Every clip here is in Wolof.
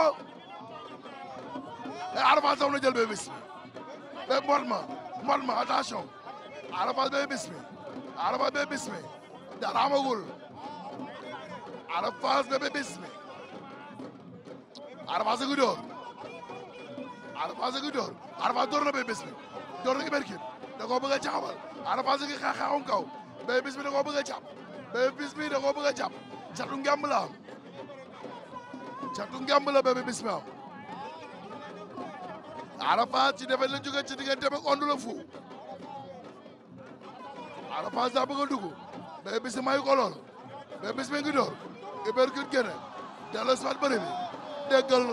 ko te Ada Fass sax Bismi te mbot ma mbot ma attention Ada Fass Bismi Ada Fass Bismi dara amagul Ada Fass Bismi Ada Fass a ngi door Ada Fass a ngi door Ada na Bébé Bismi door na Iberkin da koo bëgg a caxabal Ada Fass a Bismi da koo bëgg a Bismi da koo bëgg a jàpp catu ngemb la Bébé Bismi Arafat ci defet la jóge ci diggante ak Onde le Fou daa bëgg a dugg Bébé Bismi mayu ko lool Bébé Bismi ngi door ubercute gene delloo si waat bëri bi déggal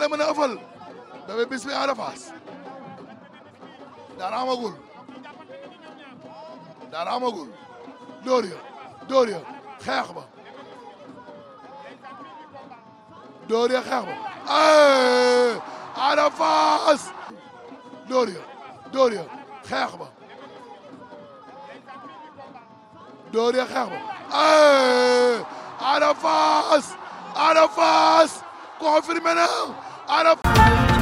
mën a ëffal Bébé Bismi Arafat dara amagul dara amagul dóor xeex ba dóor ya xeex ba Ada Fass dóor ya dóor ya xeex ba dóor ya xeex ba Ada Fass Ada Fass confirmé na Ada